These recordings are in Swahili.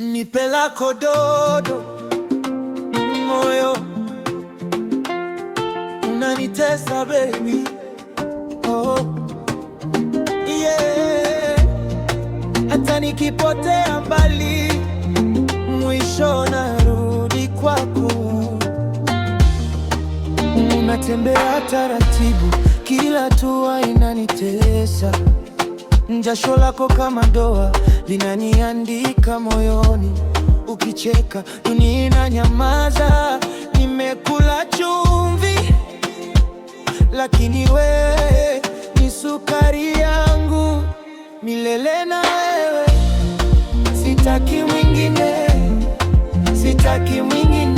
Nipe lako dodo, moyo unanitesa baby, oh, yeah. Hata nikipotea mbali, mwisho narudi kwako. Unatembea taratibu, kila tua inanitesa Jasho lako kama doa linaniandika moyoni, ukicheka dunia inanyamaza. Nimekula chumvi, lakini wewe ni sukari yangu, milele na wewe. Sitaki mwingine, sitaki mwingine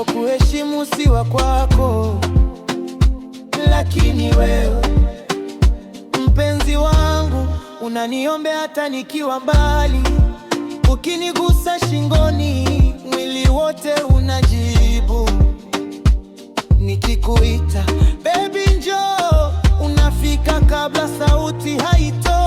Nisipokuheshimu si wa kwako, lakini wewe mpenzi wangu unaniombea hata nikiwa mbali. Ukinigusa shingoni, mwili wote unajibu. Nikikuita baby, njoo, unafika kabla sauti haito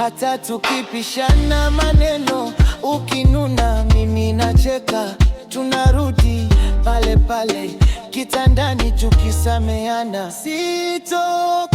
hata tukipishana maneno, ukinuna mimi nacheka, tunarudi pale pale kitandani tukisameana sito